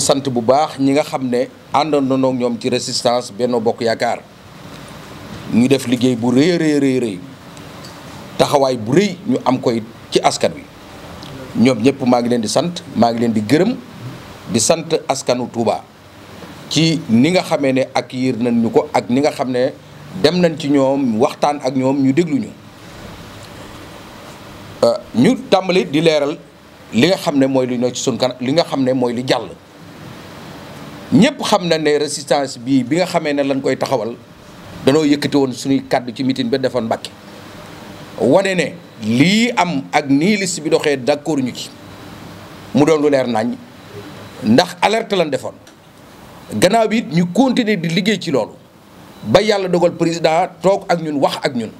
sant bu baax ñi nga xam ne na noog ñoom ci résistance Benno Bokk Yaakaar ñu def liggéey bu rëy rëy taxawaay bu rëy ñu am koy ci askan wi ñoom ñëpp maa ngi leen di sant maa ngi leen di gërëm di sant askanu Touba ci ni nga xamee ne ak yiir nañ ñu ko ak ni nga xam ne dem nañ ci ñoom waxtaan ak ñoom ñu déglu ñu euh, ñu tàmbali di leeral li nga xam ne mooy li ñoo ci sunu kanam li nga xam ne mooy li jàll ñëpp xam na ne résistance bii bi nga xamee ne lañ koy taxawal danoo yëkkati woon suñuy kàddu ci mitin ba defoon Mbàkke wane ne lii am ak nii liste bi doxee d'accord ñu ci mu doon lu leer nàññ ndax alerte lañ defoon gannaaw bi it ñu continuer di liggéey ci loolu ba yàlla dogal président toog ak ñun wax ak ñun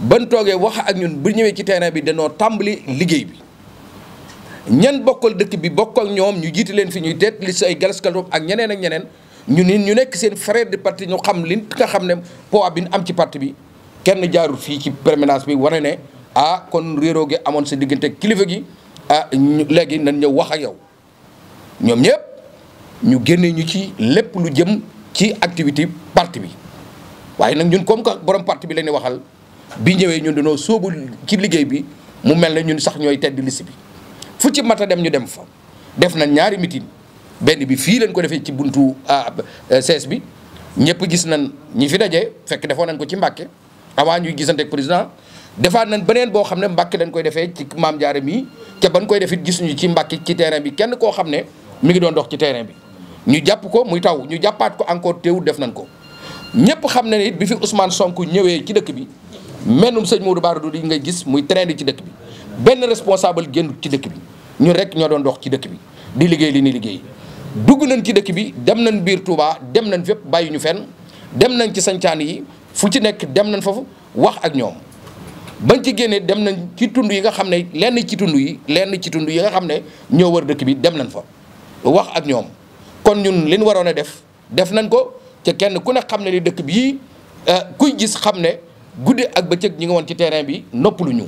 ban toogee wax ak ñun bu ñëwee ci terrain bi danoo tàmbali liggéey bi ñan bokkal dëkk bi bokkal ñoom ñu jiite leen fi ñuy teet li ay ay galaskaloo ak ñeneen ak ñeneen ñu ni ñu nekk seen frère de parti ñu xam li nga xam ne poids bi am ci parti bi kenn jaarul fii ci permanence bi wane ne ah kon réeroo gi amoon sa diggante kilifa gi ah léegi nañ ñëw wax ak yow ñoom ñëpp ñu génne ñu ci lépp lu jëm ci activité parti bi waaye nag ñun comme que borom parti bi la ñuy waxal bi ñëwee ñun dañoo sóobu ci liggéey bi mu mel ne ñun sax ñooy tedd liste bi. fu ci mat dem ñu dem fa def na ñaari meeting benn bi fii lañ ko defee ci buntu sees ah, euh, bi ñëpp gis nañ ñi fi daje fekk defoon nañ ko ci mbakke avant ñuy gisante ak président defaat nañ beneen boo xam ne mbakk dañ koy defee ci Maam Jaara mii ca ban koy defit gis ñu ci Mbàkke ci terrain bi kenn koo xam ne mi ngi doon dox ci terrain bi ñu jàpp ko muy taw ñu jàppaat ko encore teewul def nañ ko ñëpp xam ne it bi fi Ousmane sonk ñëwee ci dëkk bi mennum sëñ Modou Bara Dolly ngay gis muy train ci dëkk bi benn responsable génn ci dëkk bi ñu rek ñoo doon dox ci dëkk bi di liggéey li ni liggéey dugg nañ ci dëkk bi dem nañ biir Touba dem nañ fépp bàyyi ñu fenn dem nañ ci sancaan yi fu ci nekk dem nañ foofu wax ak ñoom bañ ci génnee dem nañ ci tund yi nga xam ne lenn ci tund yi lenn ci tund yi nga xam ne ñoo wër dëkk bi dem nañ fa wax ak ñoom kon ñun li waroon a def def nañ ko ca kenn ku ne xam ne li dëkk bii euh, kuy gis xam ne guddi ak bëccëg ñi nga woon ci terrain bi noppaluñu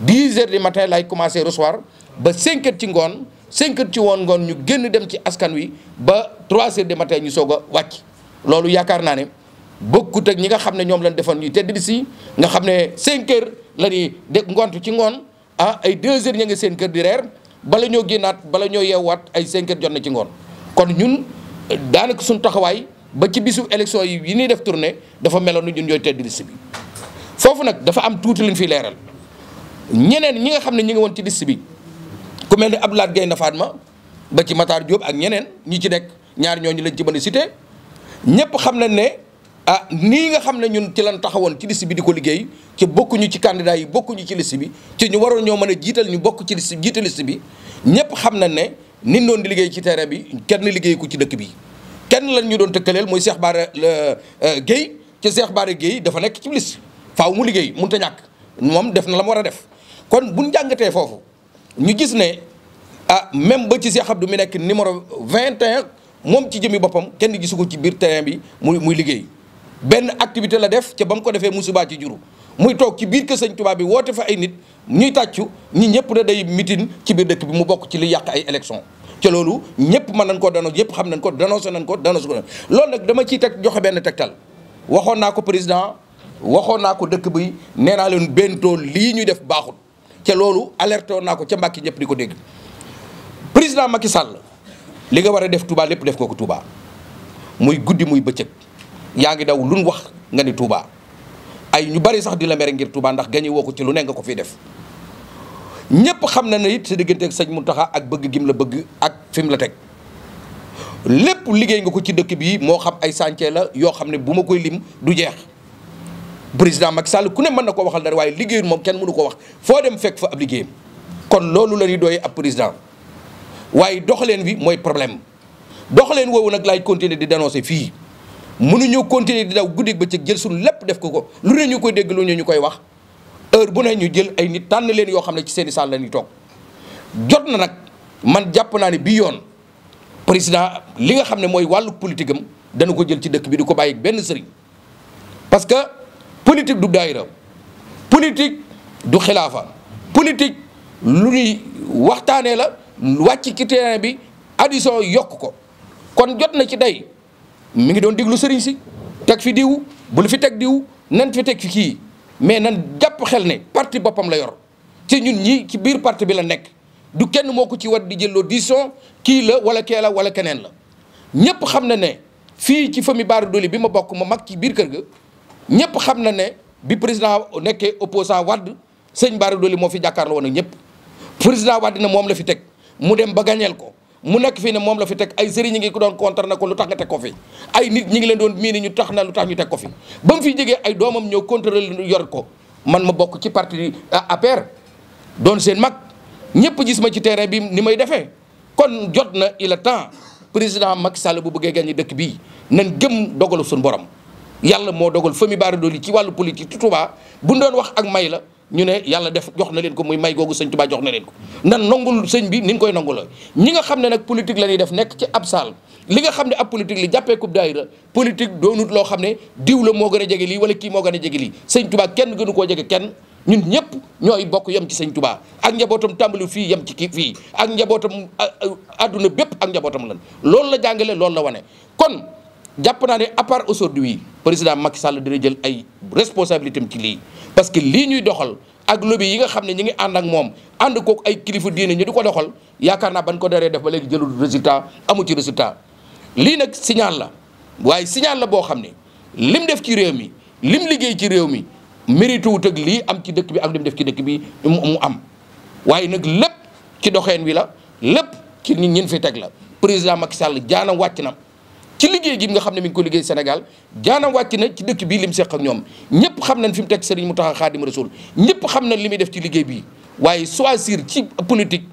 10 heures de matin lay commencé resoir ba 5 ci ngoon 5 ci woon ngoon ñu génn dem ci askan wi ba trois heures de matin ñu soog a wàcc loolu yaakaar naa ne bokkut ak ñi nga xam ne ñoom lañ defoon ñuy tedd si nga xam ne 5 heures la de ngontu ci ngoon ah ay 2 heures ña ngi seen kër di reer bala ñoo génnaat bala ñoo yeewaat ay 5 jot na ci ngoon kon ñun daanaka suñu taxawaay ba ci bisu élection yi yi ñuy def tournée dafa meloon ni ñun ñooy tedd liste bi foofu nag dafa am tuuti luñ fi leeral ñeneen ñi nga xam ne ñu ngi woon ci liste ku mel ni Abdoulaye Gueye na Fatma ba ci mataar Diop ak ñeneen ñi ci nekk ñaar ñooñu lañ ci mën a cité ñëpp xam nañ ne ah nii nga xam ne ñun ci lan taxawoon ci liste bi di ko liggéey ci bokkuñu ci candidat yi bokkuñu ci list bi ci ñu waroon ñoo mën a jiital ñu bokk ci liste jiite liste bi ñëpp xam na ne nin doon di liggéey ci terrain bi kenn liggéey ko ci dëkk bi kenn lañ ñu doon tëkkaleel mooy seex Bara géey ci Cheikh Bara euh, géey dafa nekk ci liste faaw mu liggéey mënut a ñàkk moom def na la mu war a def kon buñ jàngatee foofu ñu gis ne ah même ba ci xab du mu nekk numéro 21 moom ci jëmi boppam kenn gisu ko ci biir terrain bi muy muy liggéey benn activité la def ca ba mu ko defee musubaa ci juru muy toog ci biir kër Sëñ bi woote fa ay nit ñuy tàccu ñii ñëpp da day mitin ci biir dëkk bi mu bokk ci li yàq ay élection ca loolu ñëpp mën nañ ko dano ñëpp xam nañ ko dénoncé nañ ko dénoncé ko loolu nag dama ciy teg joxe benn tegtal waxoon naa ko président waxoon naa ko dëkk bi neenaa naa leen bentoo lii ñuy def baaxul ca loolu alerté woon naa ko ca Mbàkke ñëpp di ko dégg président Macky Sall li nga war a def Touba lépp def nga ko Touba muy guddi muy bëccëg yaa ngi daw luñ wax nga ni Touba ay ñu bari sax di la mere ngir Touba ndax gañe woo ko ci lu ne nga ko fi def ñëpp xam na ne it sa diggante ak mu Mountakha ak bëgg gim la bëgg ak fim la teg lépp liggéey nga ko ci dëkk bii moo xam ay chantier la yoo xam ne bu ma koy lim du jeex président mag Sall ku ne mën na ko waxal dara waaye liggéeyul moom kenn mënu ko wax foo dem fekk fa ab liggéeyam kon loolu la ñuy doyee ab président waaye doxaleen wi mooy problème doxaleen woowu nag laay continuer di dénoncer fii munu mënuñu continuer di daw guddeeg bëccëg jël suñu lépp def ko ko lu ne ñu koy dégg lu ne ñu koy wax heure bu ne ñu jël ay nit tànn leen yoo xam ne ci seeni saal la ñuy toog jot na nag man jàpp naa ne bii yoon président li nga xam ne mooy wàllu politique am dana ko jël ci dëkk bi di ko bàyyi benn sëriñ politique du daayira politique du xilaafa politique lu ñuy waxtaanee la wàcc ci terrain bi addition yokk ko kon jot na ci day mu ngi doon diglu sëriñ si teg fi diw bul fi teg diw nan fi teg fi kii mais nan jàpp xel ne parti boppam la yor ci ñun ñi ci biir parti bi la nekk du kenn moo ko ci war di jëloo disons kii la wala kee la wala keneen la ñépp xam na ne fii ci famille Bara Dolly bi ma bokk ma mag ci biir kër ga ñëpp xam na ne bi président nekkee opposant Wade sëñ Bara Dolly moo fi jàkkaarloo woon ñëpp président Wade ne moom la fi teg mu dem ba gañeel ko mu nekk fii ne moom la fi teg ay sëriñ ñi ngi ko doon contre na ko lu tax ko fi ay nit ñi ngi leen doon ñu tax na lu tax ñu teg ko fi ba fi jógee ay doomam ñëw contrôler yor ko man ma bokk ci parti ah, APR doon seen mag ñëpp gis ma ci terrain bi ni may defee kon jot na il est temps président Macky Sall bu bëggee gagné dëkk bii nañ gëm dogalu suñu borom yàlla moo dogal Femi Bara Dolly ci wàllu politique ci Touba bu ñu doon wax ak may la ñu ne yàlla def jox na leen ko muy may googu sëñ Touba jox na leen ko nan nongul sëñ bi ni ñu koy nonguloo ñi nga xam ne nag politique la ñuy def nekk ci ab saal li nga xam ne ab politique li jàppee kub daayira politique doonut loo xam ne diw la moo gën a jege lii wala kii moo gën a jege lii sëñ Touba kenn gënu koo jege kenn ñun ñëpp ñooy bokk yem ci sëñ tubaa ak njabootam tàmbali fii yem ci kii fii ak njabootam adduna bépp ak njabootam lan loolu la jàngale loolu la wane jàpp naa ne à part aujourd'hui président Macky Sall dina jël ay responsabilité am ci lii parce que lii ñuy doxal ak lobby yi nga xam ne ñu ngi ànd ak moom ànd kook ay kilifa diina ñu di ko doxal yaakaar naa ban ko daree def ba léegi jëlul résultat amu ci résultat lii nag signal la waaye signal la boo xam ne lim def ci réew mi lim liggéey ci réew mi mérite wut lii am ci dëkk bi ak lim def ci dëkk bi mu am waaye nag lépp ci doxeen wi la lépp ci nit ñin fi teg la président Macky Sall jaanam wàcc na ci liggéey gi nga xam ne mi ngi ko liggéey Sénégal jaanam wàcc na ci dëkk bii lim seq ak ñoom ñëpp xam nañ fi mu teg Serigne Mountakha Khadim Rasoul ñëpp xam nañ li muy def ci liggéey bii waaye ci politique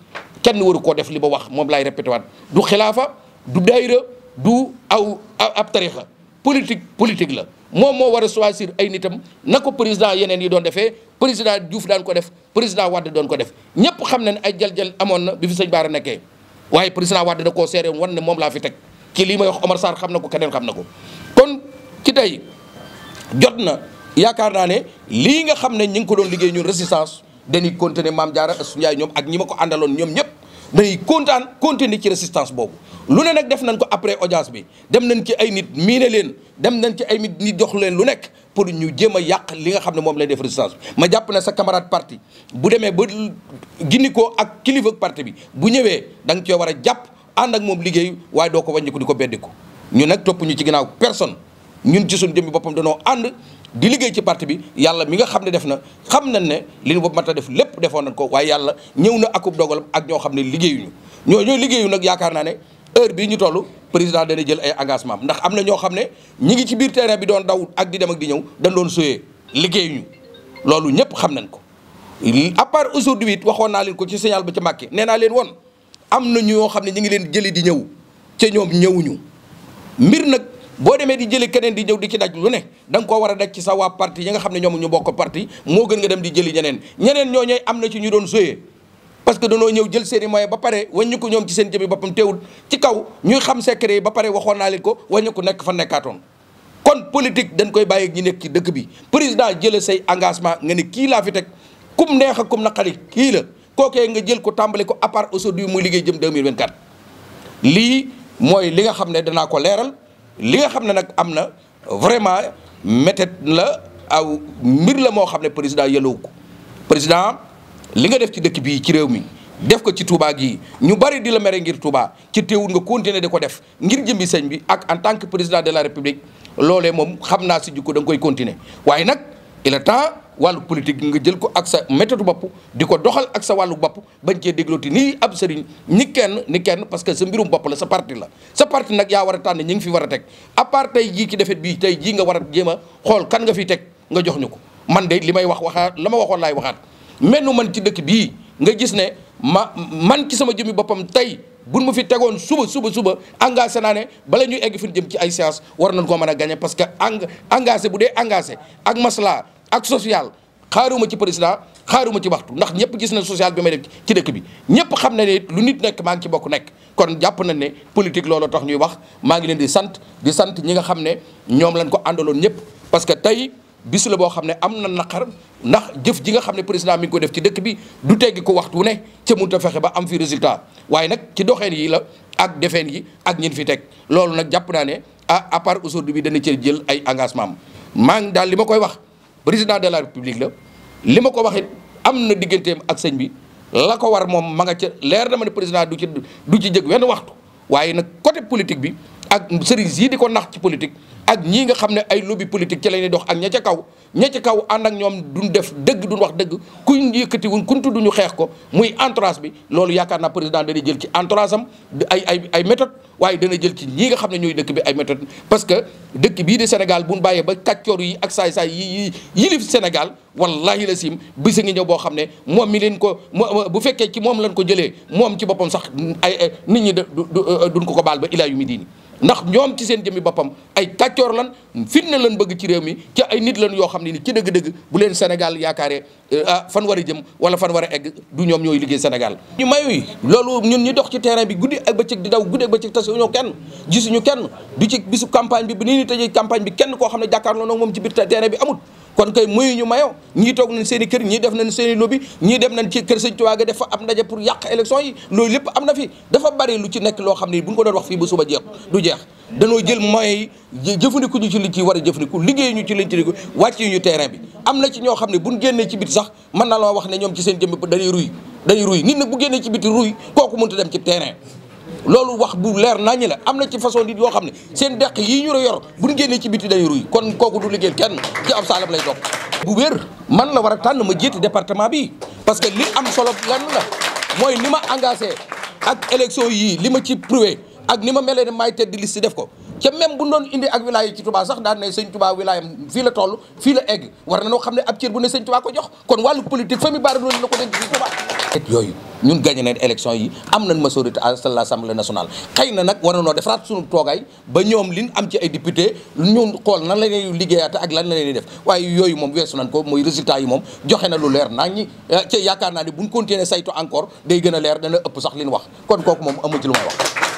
kenn waru koo def li ba wax moom laay répété waat du xilaafa du daayira du aw ab tarixa politique politique la moom moo war a ay nitam na ko président yeneen yi doon defee président Diouf daan ko def président Wade doon ko def ñëpp xam nañ ay jal-jal amoon na bi fi sëñ Baara nekkee waaye président Wade da koo seere woon ne moom laa fi teg ci lii may wax Omar Sarr xam na ko keneen xam na ko kon ci tey jot na yaakaar naa ne lii nga xam ne ñu ngi ko doon liggéey ñun résistance dañuy continuer Maam Diarra Astou Ndiaye ñoom ak ñi ma ko àndaloon ñoom ñëpp dañuy kontaan continuer ci résistance boobu lu ne nag def nañ ko après audience bi dem nañ ci ay nit miine leen dem nañ ci ay nit ñi jox leen lu nekk pour ñu jéem a yàq li nga xam ne moom lay def résistance ma jàpp na sa camarade parti bu demee ba gindi ko ak kilifa parti bi bu ñëwee da nga cee war a jàpp ànd ak moom liggéey waaye doo ko wàññiku di ko beddiku ñu nag topp ñu ci ginnaaw personne ñun ci suñu jëmmi boppam danoo ànd di liggéey ci parti bi yàlla mi nga xam ne def na xam nañ ne li ñu bopp a def lépp defoon nañ ko waaye yàlla ñëw na akub dogalam ak ñoo xam ne liggéeyuñu ñoo ñooy liggéeyu nag yaakaar naa ne heure bii ñu toll président dana jël ay engagement ndax am na ñoo xam ne ñi ngi ci biir terrain bi doon daw ak di dem ak di ñëw dañ doon soyee liggéeyuñu loolu ñëpp xam nañ ko à part aujourd'hui it waxoon naa leen ko ci signal ci Mbacké nee naa leen woon am na ñoo xam ne ñu ngi leen jëli di ñëw ca ñoom ñëwuñu mbir nag boo demee di jëli keneen di ñëw di ci daj lu ne danga nga koo war a daj ci sa waa parti yi nga xam ne ñoom ñu bokk parti moo gën nga dem di jëli ñeneen ñeneen ñoo ñooy am na ci ñu doon soyee parce que danoo ñëw jël seen i moyens ba pare wàññi ko ñoom ci seen jëmi boppam teewul ci kaw ñuy xam secret ba pare waxoon naa leen ko wàññi ko nekk fa nekkaatoon kon politique dañ koy bàyyi ñu ñi dëkk bi président jëlee say engagement nga ne kii laa fi teg kum neex ak kum naqari kii la kookee nga jël ko tàmbali ko à part aujourd'hui muy liggéey jëm 2024 lii mooy li nga xam ne danaa ko leeral li nga xam ne nag am na vraiment métet la aw mbir la moo xam ne président yellowu ko président li nga def ci dëkk bii ci réew mi def ko ci Touba gi ñu bari di la mere ngir Touba ci teewul nga continuer da ko def ngir jëmbi sëñ bi ak en tant que président de la république loolee moom xam naa si jikko danga koy continuer waaye nag il est temps wàllu politique nga jël ko ak sa méthode bopp di ko doxal ak sa wàllu bopp bañ cee déglooti nii ab sëriñ ni kenn ni kenn parce que sa mbirum bopp la sa parti la sa parti nag yaa war a tànn ñi ngi fi war a teg à tey jii ki defet bii tey jii nga war a jéema xool kan nga fi teg nga jox ñu ko man de li may wax waxaat la ma waxoon laay waxaat mennu man ci dëkk bii nga gis ne ma man ci sama jëmmi boppam tey buñ ma fi tegoon suba suba suba engagé naa ne bala ñuy egg fi jëm ci ay séance war nañ koo mën a gagné parce que eng engagé bu dee engagé ak maslaa ak social xaaruma ci président xaaruma ci waxtu ndax ñëpp gis na social bi may def ci dëkk bi ñëpp xam na ne lu nit nekk maa ngi ci bokk nekk kon jàpp nañ ne politique loolu tax ñuy wax maa ngi leen di sant sant ñi nga xam ne ñoom lañ ko àndaloon ñëpp parce que tey bis la boo xam ne am na naqar ndax jëf ji nga xam ne président mi ngi ko def ci dëkk bi du teggi ko waxtu ne ca mënut a fexe ba am fi résultat waaye nag ci doxeen yi la ak defeen yi ak ñin fi tek loolu nag jàpp naa ne à ah, à part bi dana ci jël ay engagement am maa ngi daal li ma koy wax président de la république la li ma ko waxit am na digganteem ak sëñ bi la ko war moom ma nga ca leer na ma ne président du ci du ci jëg wenn waxtu waaye nag côté politique bi ak sëriñ yi di ko nax ci politique ak ñii nga xam ne ay lobby politique ci la ñuy dox ak ña ca kaw ña ci kaw ànd ak ñoom duñ def dëgg duñ wax dëgg kuñ yëkkati wuñ kuñ tudd ñu xeex ko muy entourage bi loolu yaakaar naa président dana jël ci entourage am ay ay ay méthode waaye dana jël ci ñi nga xam ne ñooy dëkk bi ay méthode parce que dëkk bii di Sénégal buñ bàyyee ba kàccoor yi ak saay-saay yi yi yilif Sénégal wallahi la sim bisa ngi ñëw boo xam ne moom mi leen ko bu fekkee ci moom lañ ko jëlee moom ci boppam sax ay nit ñi duñ ko ko baal ba ilaa yu mi diini ndax ñoom ci seen jëmmi boppam ay tàccoor lan fitna lan bëgg ci réew mi ci ay nit lan yoo xam ne ni ci dëgg-dëgg bu leen Sénégal yaakaaree euh, ah fan war a jëm wala fan war a egg du ñoom ñooy liggéey Sénégal ñu mayu yi loolu ñun ñu dox ci terrain bi guddi ak bëccëg di daw guddi ak bëccëg tasuñu kenn gisuñu kenn du ci bisu campagne bi bu ni ñu tëjee campagne bi kenn koo xam ne jàkkaarloo nag moom ci biir terrain bi amut kon kay muy ñu mayoo ñii toog nañ seen i kër ñii def nañ seen i lobby ñii dem nañ ci kër sëñ Tuubaa ga def fa am ndaje pour yàq élection yi loolu lépp am na fi dafa bari lu ci nekk loo xam ne bu ñu ko doon wax fii ba suba jeex du jeex danoo jël moyens yi jëfandiku ñu ci liñ ci war a jëfandiku liggéey ñu ci liñ ci liggéey ñu terrain bi am na ci ñoo xam ne buñ génnee ci biti sax mën na loo wax ne ñoom ci seen jëmm dañuy ruy dañuy ruy nit nag bu génnee ci biti ruy kooku mënta dem ci terrain loolu wax bu leer naa ñi la am na ci façon nit yoo xam ne seen deq yii ñu la yor bu ñu génnee ci biti day ruy kon kooku du liggéeyal kenn ci ab saalam lay dox. bu wér man la war a tànn ma jiite département bi parce que li am solo lenn la mooy ni ma engagé ak élection yii li ma ci prouvé ak ni ma mel ne maay tedd liste def ko. ca même bu doon indi ak wilaaya ci Touba sax daan ne sëñ Touba wilaayam fii la toll fii la egg war na noo xam ne ab cër bu ne sëñ ko jox kon wàllu politique famille Bara Dolly la ko denc ci Touba yooyu ñun gagné nañ élection yi am nañ majorité à l'Assemblée nationale xëy na nag war na noo defaraat suñu toogaay ba ñoom liñ am ci ay député ñun xool nan la ñuy liggéeyaate ak lan la ñuy def waaye yooyu moom weesu nañ ko mooy résultat yi moom joxe na lu leer nañ ñi eh, ca yaakaar naa ne buñ continuer sayto encore day gën a leer dana ëpp sax li wax kon kooku moom amu ci lu may wax